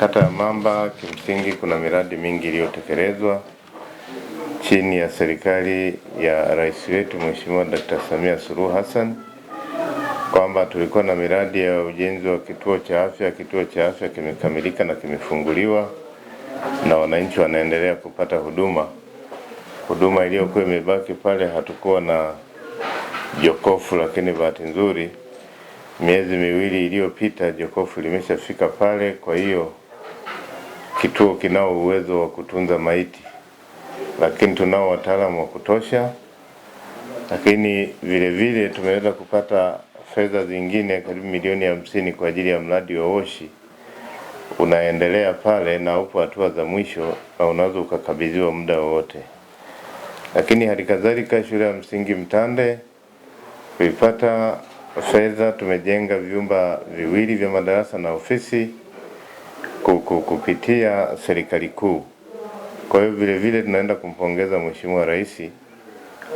Kata ya Mamba kimsingi kuna miradi mingi iliyotekelezwa chini ya serikali ya rais wetu Mheshimiwa Dkt. Samia Suluhu Hassan, kwamba tulikuwa na miradi ya ujenzi wa kituo cha afya. Kituo cha afya kimekamilika na kimefunguliwa na wananchi wanaendelea kupata huduma. Huduma iliyokuwa imebaki pale, hatukuwa na jokofu, lakini bahati nzuri miezi miwili iliyopita jokofu limeshafika pale. Kwa hiyo Kituo kinao uwezo wa kutunza maiti, lakini tunao wataalamu wa kutosha, lakini vile vile tumeweza kupata fedha zingine karibu milioni hamsini kwa ajili ya mradi wa Woshi unaendelea pale na upo hatua za mwisho na unaweza ukakabidhiwa muda wowote. Lakini halikadhalika shule ya msingi Mtande kuipata fedha, tumejenga vyumba viwili vya madarasa na ofisi kupitia serikali kuu. Kwa hiyo vile vile tunaenda kumpongeza Mheshimiwa Rais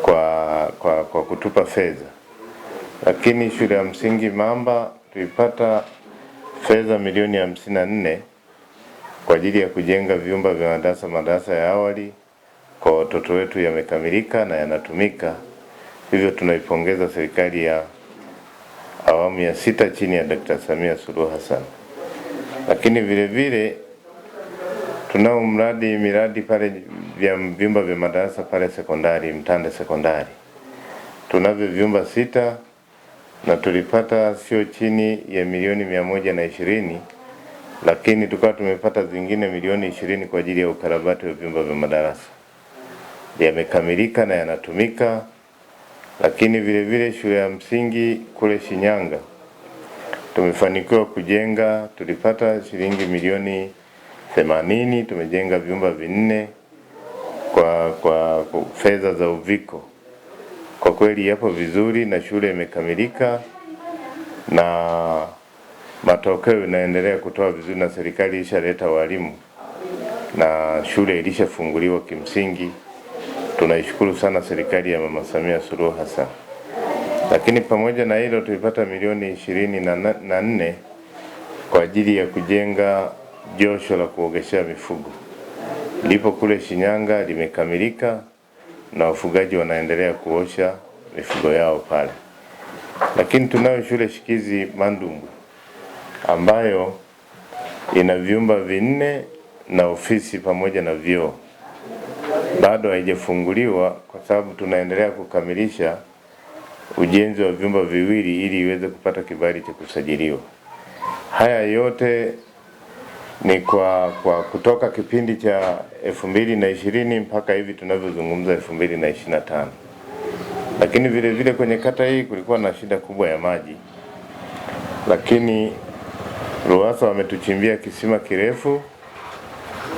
kwa, kwa, kwa kutupa fedha. Lakini shule ya msingi Mamba tuipata fedha milioni hamsini na nne kwa ajili ya kujenga vyumba vya madarasa madarasa ya awali kwa watoto wetu yamekamilika na yanatumika, hivyo tunaipongeza serikali ya awamu ya sita chini ya Dkt. Samia Suluhu Hassan. Lakini vile vile tunao mradi miradi pale vya vyumba vya madarasa pale sekondari Mtande sekondari tunavyo vyumba sita na tulipata sio chini ya milioni mia moja na ishirini lakini tukawa tumepata zingine milioni ishirini kwa ajili ya ukarabati wa vyumba vya madarasa yamekamilika na yanatumika. Lakini vile vile shule ya msingi kule Shinyanga tumefanikiwa kujenga, tulipata shilingi milioni themanini, tumejenga vyumba vinne kwa, kwa, kwa fedha za Uviko. Kwa kweli yapo vizuri na shule imekamilika na matokeo inaendelea kutoa vizuri, na serikali ilishaleta walimu na shule ilishafunguliwa. Kimsingi tunaishukuru sana serikali ya Mama Samia Suluhu Hassan. Lakini pamoja na hilo tulipata milioni ishirini na nne kwa ajili ya kujenga josho la kuogeshea mifugo lipo kule Shinyanga, limekamilika na wafugaji wanaendelea kuosha mifugo yao pale. Lakini tunayo shule shikizi Mandumbu ambayo ina vyumba vinne na ofisi pamoja na vyoo, bado haijafunguliwa kwa sababu tunaendelea kukamilisha ujenzi wa vyumba viwili ili iweze kupata kibali cha kusajiliwa. Haya yote ni kwa, kwa kutoka kipindi cha elfu mbili na ishirini mpaka hivi tunavyozungumza elfu mbili na ishirini na tano. Lakini vile vile kwenye kata hii kulikuwa na shida kubwa ya maji, lakini RUWASA wametuchimbia kisima kirefu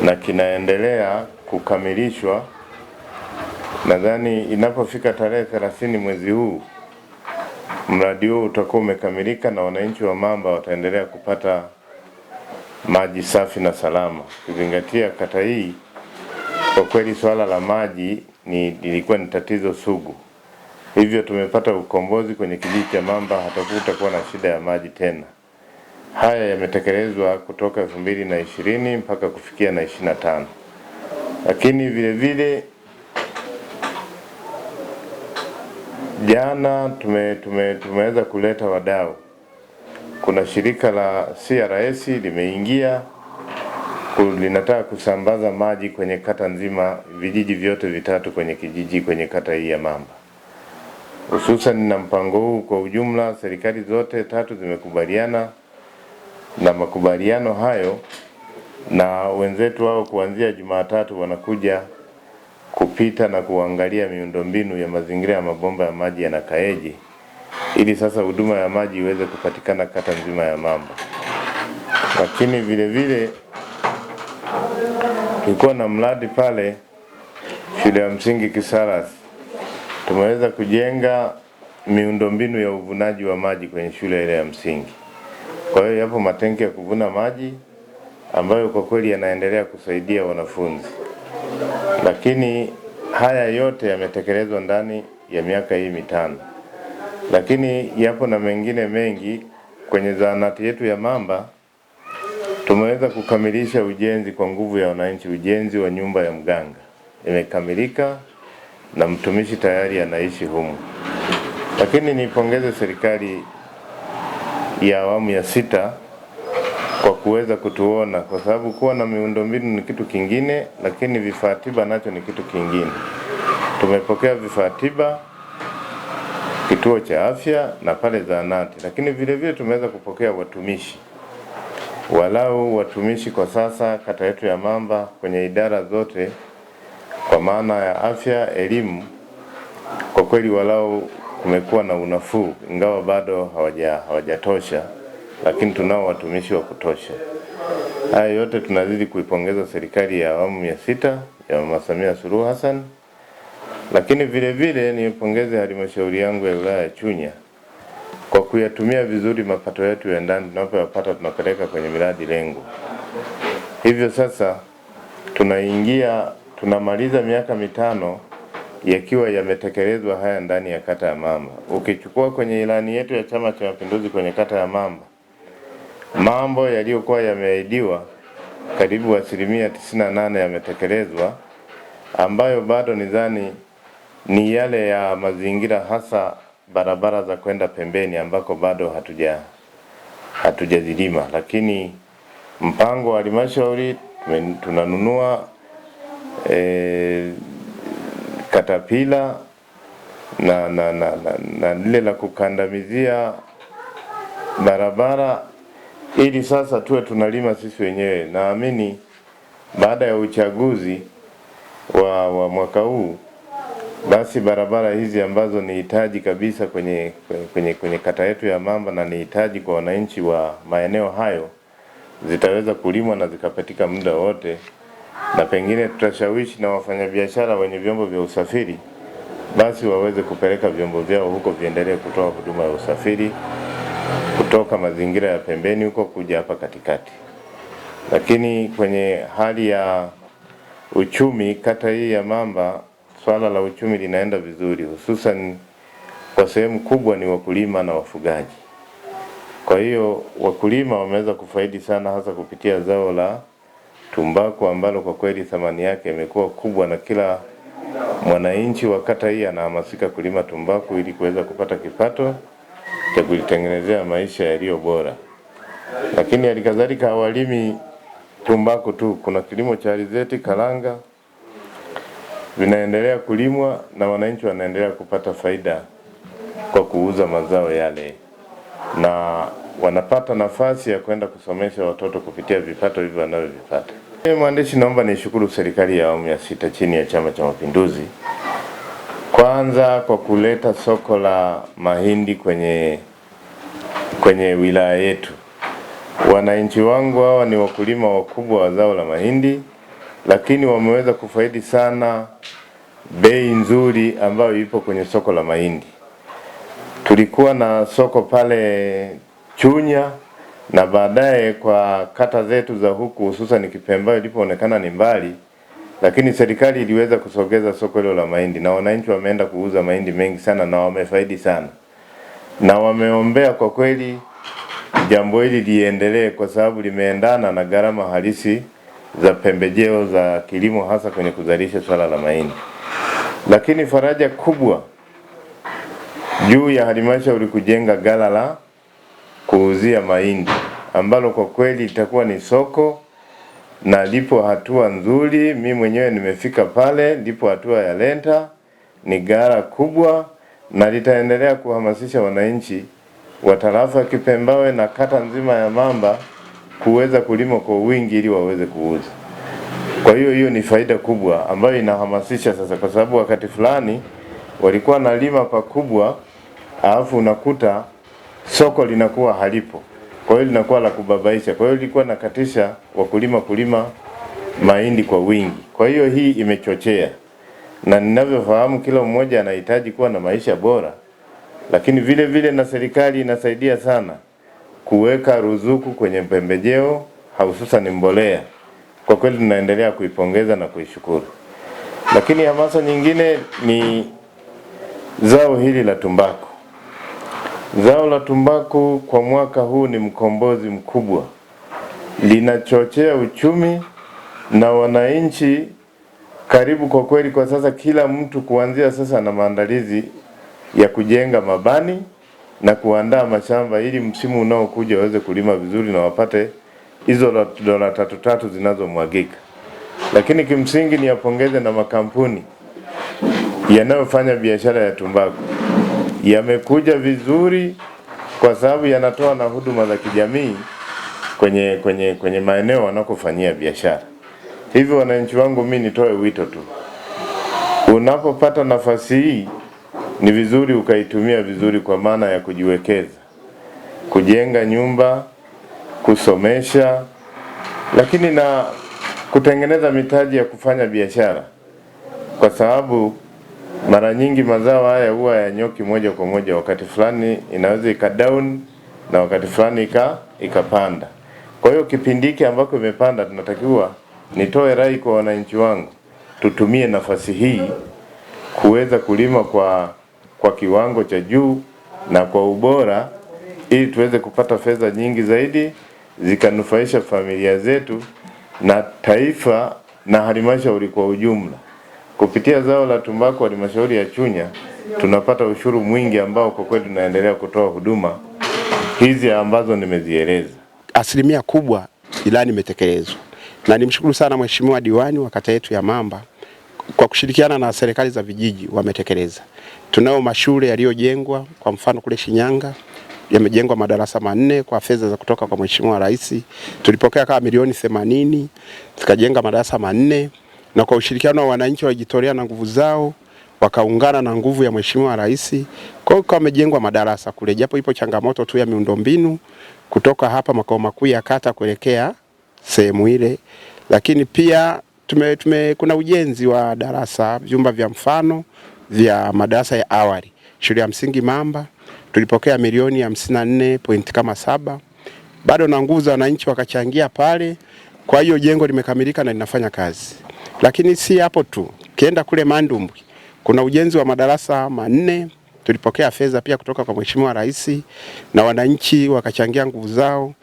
na kinaendelea kukamilishwa. Nadhani inapofika tarehe 30 mwezi huu Mradi huu utakuwa umekamilika na wananchi wa Mamba wataendelea kupata maji safi na salama, Kuzingatia kata hii kwa kweli swala la maji ni lilikuwa ni tatizo sugu, hivyo tumepata ukombozi kwenye kijiji cha Mamba, kuwa na shida ya maji tena. Haya yametekelezwa kutoka elfu mbili na ishirini mpaka kufikia na ishirini na tano, lakini vilevile Jana tume, tume, tumeweza kuleta wadau. Kuna shirika la CRS limeingia linataka kusambaza maji kwenye kata nzima, vijiji vyote vitatu kwenye kijiji, kwenye kata hii ya Mamba hususan. Na mpango huu kwa ujumla, serikali zote tatu zimekubaliana na makubaliano hayo, na wenzetu wao kuanzia Jumatatu wanakuja kupita na kuangalia miundombinu ya mazingira ya mabomba ya maji yanakaeje, ili sasa huduma ya maji iweze kupatikana kata nzima ya Mamba. Lakini vile vile kulikuwa na mradi pale shule ya msingi Kisaras, tumeweza kujenga miundombinu ya uvunaji wa maji kwenye shule ile ya msingi. Kwa hiyo yapo matenki ya kuvuna maji ambayo kwa kweli yanaendelea kusaidia wanafunzi. Lakini haya yote yametekelezwa ndani ya miaka hii mitano, lakini yapo na mengine mengi. Kwenye zahanati yetu ya Mamba tumeweza kukamilisha ujenzi kwa nguvu ya wananchi. Ujenzi wa nyumba ya mganga imekamilika na mtumishi tayari anaishi humu. Lakini nipongeze serikali ya awamu ya sita kwa kuweza kutuona, kwa sababu kuwa na miundombinu ni kitu kingine, lakini vifaa tiba nacho ni kitu kingine. Tumepokea vifaa tiba kituo cha afya na pale zahanati, lakini vile vile tumeweza kupokea watumishi walau watumishi kwa sasa kata yetu ya Mamba kwenye idara zote, kwa maana ya afya, elimu, kwa kweli walau kumekuwa na unafuu, ingawa bado hawajatosha hawaja lakini tunao watumishi wa kutosha. Haya yote tunazidi kuipongeza serikali ya awamu ya sita ya Mama Samia Suluhu Hassan, lakini vile vile niipongeze halmashauri yangu ya wilaya ya Chunya kwa kuyatumia vizuri mapato yetu ya ndani tunapoyapata tunapeleka kwenye miradi lengo. Hivyo sasa tunaingia tunamaliza miaka mitano yakiwa yametekelezwa haya ndani ya kata ya Mamba. Ukichukua kwenye ilani yetu ya Chama cha Mapinduzi kwenye kata ya Mamba Mambo yaliyokuwa yameahidiwa karibu asilimia nane yametekelezwa, ambayo bado nidhani ni yale ya mazingira, hasa barabara za kwenda pembeni ambako bado hatuja hatujazilima, lakini mpango wa halmashauri tunanunua e, katapila na na, na, na, na lile la kukandamizia barabara ili sasa tuwe tunalima sisi wenyewe. Naamini baada ya uchaguzi wa, wa mwaka huu basi barabara hizi ambazo ni hitaji kabisa kwenye, kwenye, kwenye kata yetu ya Mamba na ni hitaji kwa wananchi wa maeneo hayo zitaweza kulimwa na zikapatika muda wote, na pengine tutashawishi na wafanyabiashara wenye vyombo vya usafiri basi waweze kupeleka vyombo vyao huko viendelee kutoa huduma ya usafiri kutoka mazingira ya pembeni huko kuja hapa katikati. Lakini kwenye hali ya uchumi, kata hii ya Mamba, swala la uchumi linaenda vizuri, hususan kwa sehemu kubwa ni wakulima na wafugaji. Kwa hiyo wakulima wameweza kufaidi sana, hasa kupitia zao la tumbaku ambalo kwa kweli thamani yake imekuwa kubwa, na kila mwananchi wa kata hii anahamasika kulima tumbaku ili kuweza kupata kipato ya kujitengenezea maisha yaliyo bora. Lakini halikadhalika hawalimi tumbaku tu, kuna kilimo cha alizeti, karanga vinaendelea kulimwa na wananchi wanaendelea kupata faida kwa kuuza mazao yale, na wanapata nafasi ya kwenda kusomesha watoto kupitia vipato hivyo wanavyovipata. Mwandishi, naomba nishukuru serikali ya awamu ya sita chini ya Chama cha Mapinduzi kwanza kwa kuleta soko la mahindi kwenye kwenye wilaya yetu. Wananchi wangu hawa ni wakulima wakubwa wa zao la mahindi, lakini wameweza kufaidi sana bei nzuri ambayo ipo kwenye soko la mahindi. Tulikuwa na soko pale Chunya na baadaye kwa kata zetu za huku hususan Kipembayo ilipoonekana ni mbali lakini serikali iliweza kusogeza soko hilo la mahindi na wananchi wameenda kuuza mahindi mengi sana na wamefaidi sana, na wameombea kwa kweli jambo hili liendelee, kwa sababu limeendana na gharama halisi za pembejeo za kilimo, hasa kwenye kuzalisha swala la mahindi. Lakini faraja kubwa juu ya halmashauri kujenga ghala la kuuzia mahindi ambalo kwa kweli litakuwa ni soko na lipo hatua nzuri, mi mwenyewe nimefika pale, lipo hatua ya lenta, ni gara kubwa na litaendelea kuhamasisha wananchi wa tarafa Kipembawe na kata nzima ya Mamba kuweza kulima kwa wingi ili waweze kuuza. Kwa hiyo hiyo ni faida kubwa ambayo inahamasisha sasa, kwa sababu wakati fulani walikuwa nalima pakubwa, alafu unakuta soko linakuwa halipo kwa hiyo linakuwa la kubabaisha. Kwa hiyo ilikuwa nakatisha wakulima kulima mahindi kwa wingi. Kwa hiyo hii imechochea, na ninavyofahamu kila mmoja anahitaji kuwa na maisha bora, lakini vile vile na serikali inasaidia sana kuweka ruzuku kwenye pembejeo hususan mbolea. Kwa kweli tunaendelea kuipongeza na kuishukuru, lakini hamasa nyingine ni zao hili la tumbaku. Zao la tumbaku kwa mwaka huu ni mkombozi mkubwa, linachochea uchumi na wananchi karibu. Kwa kweli, kwa sasa kila mtu kuanzia sasa na maandalizi ya kujenga mabani na kuandaa mashamba ili msimu unaokuja waweze kulima vizuri na wapate hizo dola tatu tatu zinazomwagika. Lakini kimsingi ni yapongeze na makampuni yanayofanya biashara ya tumbaku yamekuja vizuri kwa sababu yanatoa na huduma za kijamii kwenye, kwenye, kwenye maeneo wanakofanyia biashara. Hivyo wananchi wangu, mi nitoe wito tu, unapopata nafasi hii ni vizuri ukaitumia vizuri, kwa maana ya kujiwekeza, kujenga nyumba, kusomesha, lakini na kutengeneza mitaji ya kufanya biashara, kwa sababu mara nyingi mazao haya huwa yanyoki moja kwa moja, wakati fulani inaweza ika down na wakati fulani ika ikapanda. Kwa hiyo kipindi hiki ambako imepanda, tunatakiwa nitoe rai kwa wananchi wangu, tutumie nafasi hii kuweza kulima kwa kwa kiwango cha juu na kwa ubora, ili tuweze kupata fedha nyingi zaidi zikanufaisha familia zetu na taifa na halmashauri kwa ujumla. Kupitia zao la tumbaku halmashauri ya Chunya tunapata ushuru mwingi ambao kwa kweli tunaendelea kutoa huduma hizi ambazo nimezieleza. Asilimia kubwa ilani imetekelezwa, na nimshukuru sana Mheshimiwa diwani wa kata yetu ya Mamba kwa kushirikiana na serikali za vijiji wametekeleza. Tunayo mashule yaliyojengwa, kwa mfano kule Shinyanga yamejengwa madarasa manne kwa fedha za kutoka kwa Mheshimiwa Rais. Tulipokea kama milioni themanini, tukajenga madarasa manne na kwa ushirikiano wa wananchi walijitolea na nguvu zao wakaungana na nguvu ya Mheshimiwa Rais. Kwa hiyo kamejengwa madarasa kule, japo ipo changamoto tu ya miundombinu kutoka hapa makao makuu ya kata kuelekea sehemu ile, lakini pia tume, tume, kuna ujenzi wa darasa vyumba vya mfano vya madarasa ya awali shule ya msingi Mamba tulipokea milioni hamsini na nne point kama saba, bado na nguvu za wananchi wakachangia pale. Kwa hiyo jengo limekamilika na linafanya kazi. Lakini si hapo tu, kienda kule Mandumbwi kuna ujenzi wa madarasa manne. Tulipokea fedha pia kutoka kwa Mheshimiwa Rais na wananchi wakachangia nguvu zao.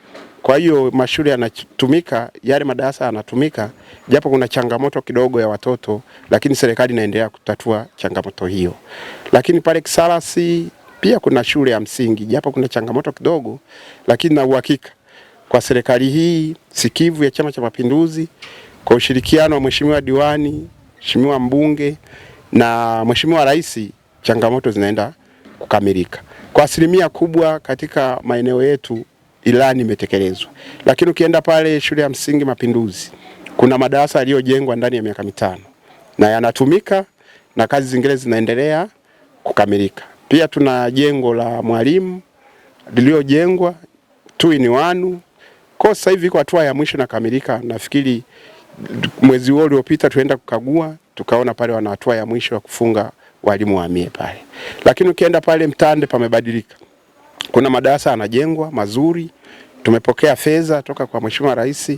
Kwa hiyo mashule yanatumika, yale madarasa yanatumika, japo kuna changamoto kidogo ya watoto, lakini serikali inaendelea kutatua changamoto hiyo. Lakini pale Kisarasi pia kuna shule ya msingi, japo kuna changamoto kidogo, lakini na uhakika kwa serikali hii sikivu ya Chama cha Mapinduzi kwa ushirikiano wa mheshimiwa diwani, mheshimiwa mbunge na mheshimiwa rais, changamoto zinaenda kukamilika kwa asilimia kubwa. Katika maeneo yetu ilani imetekelezwa, lakini ukienda pale shule ya msingi Mapinduzi kuna madarasa yaliyojengwa ndani ya miaka mitano na yanatumika na kazi zingine zinaendelea kukamilika. Pia tuna jengo la mwalimu liliyojengwa tu ni wanu kwa sasa hivi iko hatua ya mwisho inakamilika nafikiri mwezi huo uliopita tuenda kukagua, tukaona pale wana hatua ya mwisho ya kufunga walimu wahamie pale, lakini ukienda pale Mtande pamebadilika, kuna madarasa yanajengwa mazuri tumepokea fedha toka kwa Mheshimiwa Rais,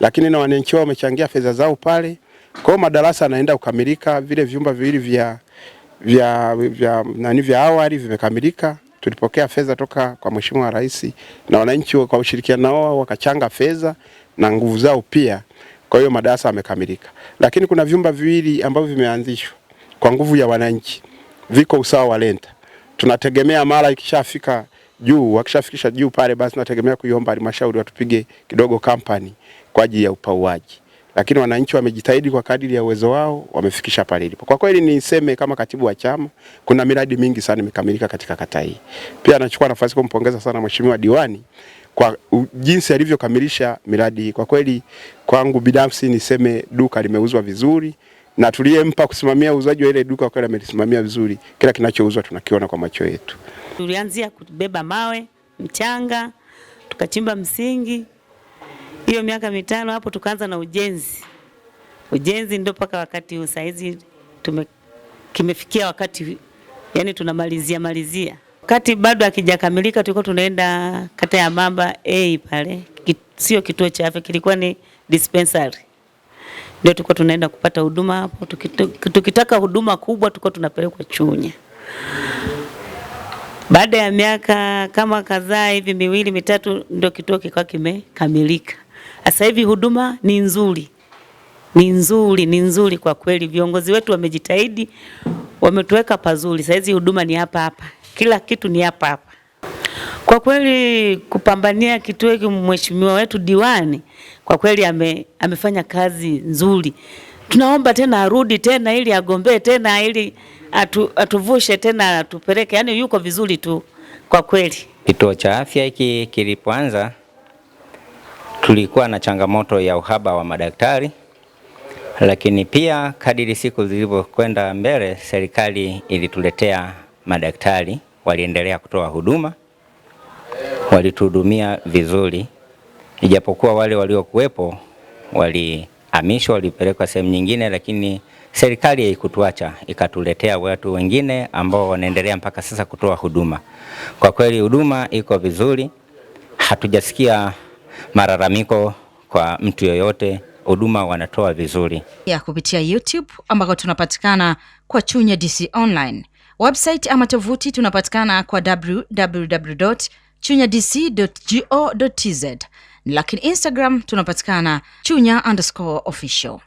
lakini na wananchi wao wamechangia fedha zao pale. Kwa hiyo madarasa yanaenda kukamilika, vile vyumba viwili vya vya vya nani vya awali vimekamilika. Tulipokea fedha toka kwa Mheshimiwa Rais na wananchi kwa ushirikiano wao wakachanga fedha na nguvu zao pia. Kwa hiyo madarasa yamekamilika, lakini kuna vyumba viwili ambavyo vimeanzishwa kwa nguvu ya wananchi, viko usawa wa lenta. Tunategemea mara ikishafika juu, wakishafikisha juu pale, basi tunategemea kuiomba halmashauri watupige kidogo kampani kwa ajili ya upauaji lakini wananchi wamejitahidi kwa kadiri ya uwezo wao, wamefikisha pale ilipo. Kwa kweli niseme kama katibu wa chama, kuna miradi mingi sana imekamilika katika kata hii. Pia nachukua nafasi kumpongeza sana mheshimiwa diwani kwa jinsi alivyokamilisha miradi hii. Kwa kweli kwangu binafsi niseme duka limeuzwa vizuri na tuliyempa kusimamia uuzaji wa ile duka kwa kweli amelisimamia vizuri. Kila kinachouzwa tunakiona kwa macho yetu. Tulianzia kubeba mawe, mchanga, tukachimba msingi. Hiyo miaka mitano hapo tukaanza na ujenzi. Ujenzi ndio mpaka wakati huu saizi tume kimefikia wakati yani tunamalizia malizia wakati bado hakijakamilika, tulikuwa tunaenda kata ya Mamba A pale, sio kituo cha afya, kilikuwa ni dispensary ndio tulikuwa tunaenda kupata huduma hapo. Tukitaka huduma kubwa tulikuwa tunapelekwa Chunya. Baada ya miaka kama kadhaa hivi miwili mitatu, ndio kituo kikawa kimekamilika. Sasa hivi huduma ni nzuri, ni nzuri, ni nzuri kwa kweli. Viongozi wetu wamejitahidi, wametuweka pazuri. Sasa hizi huduma ni hapa hapa kila kitu ni hapa hapa. Kwa kweli kupambania kituo hiki mheshimiwa wetu diwani kwa kweli ame, amefanya kazi nzuri. Tunaomba tena arudi tena ili agombee tena ili atu, atuvushe tena atupeleke, yaani yuko vizuri tu kwa kweli. Kituo cha afya hiki kilipoanza tulikuwa na changamoto ya uhaba wa madaktari, lakini pia kadiri siku zilivyokwenda mbele, serikali ilituletea madaktari waliendelea kutoa huduma, walituhudumia vizuri, ijapokuwa wale waliokuwepo walihamishwa, walipelekwa sehemu nyingine, lakini serikali haikutuacha, ikatuletea watu wengine ambao wanaendelea mpaka sasa kutoa huduma. Kwa kweli huduma iko vizuri, hatujasikia malalamiko kwa mtu yoyote, huduma wanatoa vizuri ya kupitia YouTube ambako tunapatikana kwa Chunya DC Online. Website ama tovuti tunapatikana kwa www chunya dc go tz, lakini Instagram tunapatikana chunya underscore official.